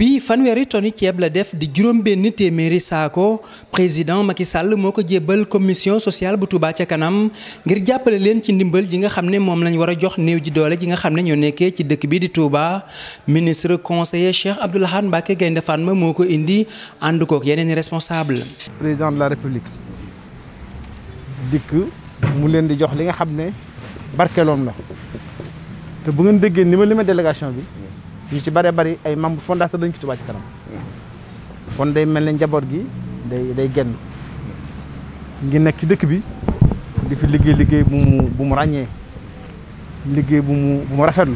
bi fanweeri toni ceeb la def di juróom benn téeméeri saako président Macky Sall moo ko jébbal commission sociale bu Touba ca kanam ngir jàppale leen ci ndimbal ji nga xam ne moom lañ war a jox néew ji doole ji nga xam ne ñoo nekkee ci dëkk bi di Touba ministre conseiller Cheikh Abdou Lahad gaynde fan ma moo ko indi ànd kook yeneen responsable président de la république dikk mu leen di jox li nga xam ne barkeeloom la te bu ngeen déggee ni ma bi ñu ci bëree bëri ay membres fondateurs dañu ko Touba ca kanam kon day mel ne njaboot gi day day genn ngi nekk ci dëkk bi di fi liggéey liggéey bu mu bu mu ràññee liggéey bu mu bu mu rafetlu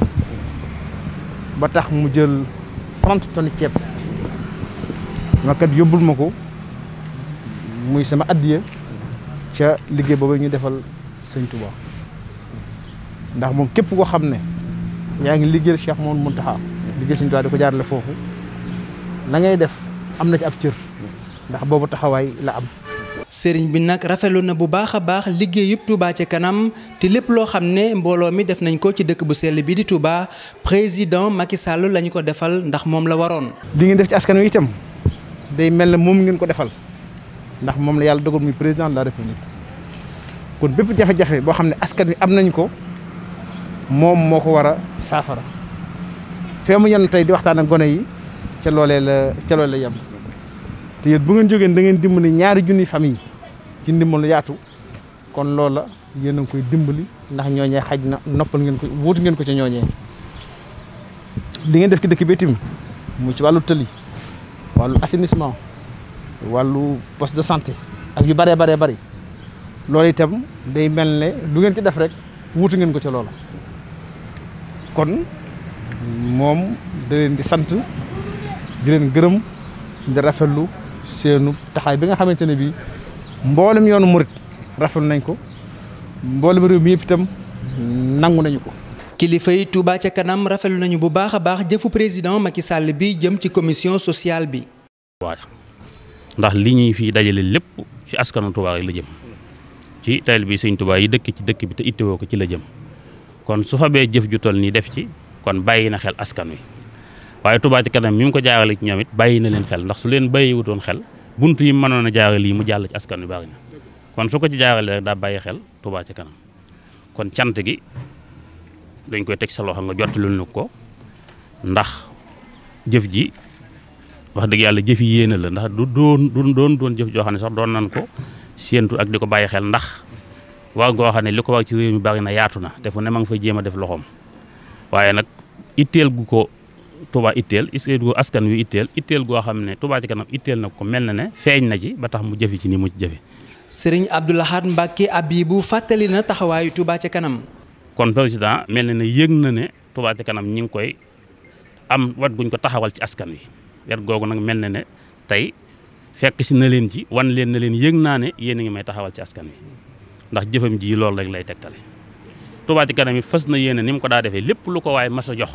ba tax mu jël trente tonnes ceeb ma kat yóbbul ma ko muy sama addiya ca liggéey boobu ñu defal sëñ Touba ndax moom képp koo xam ne yaa ngi liggéeyal Cheikh Mouhamadou Mountakha di si Sëñ Tuubaa di ko jaarale foofu la ngay def am na ci ab cër ndax boobu taxawaay la am. sëriñ bi nag rafetlu na bu baax a baax liggéey yëpp Touba ci kanam te lépp loo xam ne mbooloo mi def nañ ko ci dëkk bu sell bi di Touba président Macky Sall la ko defal ndax moom la waroon. li ngeen def ci askan itam day mel ne moom ngeen ko defal ndax moom la yàlla dogal muy président de la république kon bépp jafe-jafe boo xam ne askan wi am nañ ko moom moo ko war a saafara. fee mu yenn tey di waxtaan ak gone yi ca loolee la ca loolee la yem te bu ngeen jógee da ngeen dimbali ñaari junni famille ci ndimbalu yaatu kon loola yéen a ngi koy dimbali ndax ñooñee xaj na noppal ngeen ko wuutu ngeen ko ci ñooñee li ngeen def ki dëkk bi itam mu ci wàllu tëli wàllu assainissement wallu poste de santé ak yu bëree baree bëri loolu itam day mel ne du ngeen ci def rek wuutu ngeen ko ca loola kon moom da leen di sant di leen gërëm di rafetlu seenu taxaay bi nga xamante ne bii mboolem yoonu murit rafetlu nañ ko mboolem réew mi yëpp itam nangu nañu ko. kilifa yi Touba ca kanam rafetlu nañu bu baax a baax jëfu président Macky Sall bi jëm ci commission sociale bi. ndax li ñuy fii dajale lépp ci askanu Touba la jëm ci tayal bi sëñ Touba yi dëkk ci dëkk bi te ittewoo ko ci la jëm kon su fa bee jëf ju toll nii def ci. kon bàyyi na xel askan wi waaye tubaa ci kanam mi mu ko jaarale ci ñoom it bàyyi na leen xel ndax su leen bàyyi wutoon xel bunt yi mënoon a jaarale yi mu jàll ci askan wi baax na kon su ko ci jaarale daa bàyyi xel Touba ci kanam kon cant gi dañ koy teg sa loxo nga jottalul ñu ko ndax jëf ji wax dëgg yàlla jëf yi yéene la ndax du doon du doon doon jëf joo xam ne sax doon nan ko séentu ak di ko bàyyi xel ndax war goo xam ne li ko war ci réew mi bari na yaatu na te fu ne ma nga fay jéem a def loxoom waaye nag itteel gu ko Touba itteel itteel gu askan wi itteel itteel goo xam ne Touba ci kanam itteel nag ko mel na ne feeñ na ci ba tax mu jëfe ci ni mu jëfe sëriñ Abdou Lahad Mbacké Abibou fàttali na taxawaayu Touba ci kanam kon président mel na ne yëg na ne Touba ci kanam ñi ngi koy am wat guñ ko taxawal ci askan wi wet googu nag mel na ne tey fekk si na leen ci wan leen na leen yëg naa ne yéen a ngi may taxawal ci askan wi ndax jëfam jii loolu rek lay tegtale Touba ci kanam yi fas na yéene ni mu ko daa defee lépp lu ko waaye ma a jox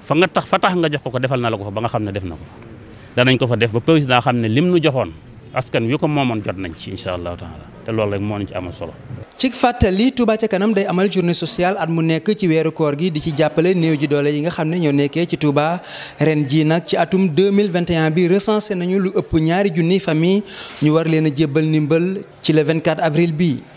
fa nga tax fa tax nga jox ko ko defal na la ko fa ba nga xam ne def na ko danañ ko fa def ba président xam ne li lim nu joxoon askan wi ko moomoon jot nañ ci incha allahu taala te loolu rek moo ñu ci amal solo. ci fàttali Touba ca kanam day amal journée sociale at mu nekk ci weeru koor gi di ci jàppale néew ji doole yi nga xam ne ñoo nekkee ci Touba ren ji nag ci atum 2021 bi recensé nañu lu ëpp ñaari junniy famille ñu war leen a jébbal ndimbal ci le 24 avril bii.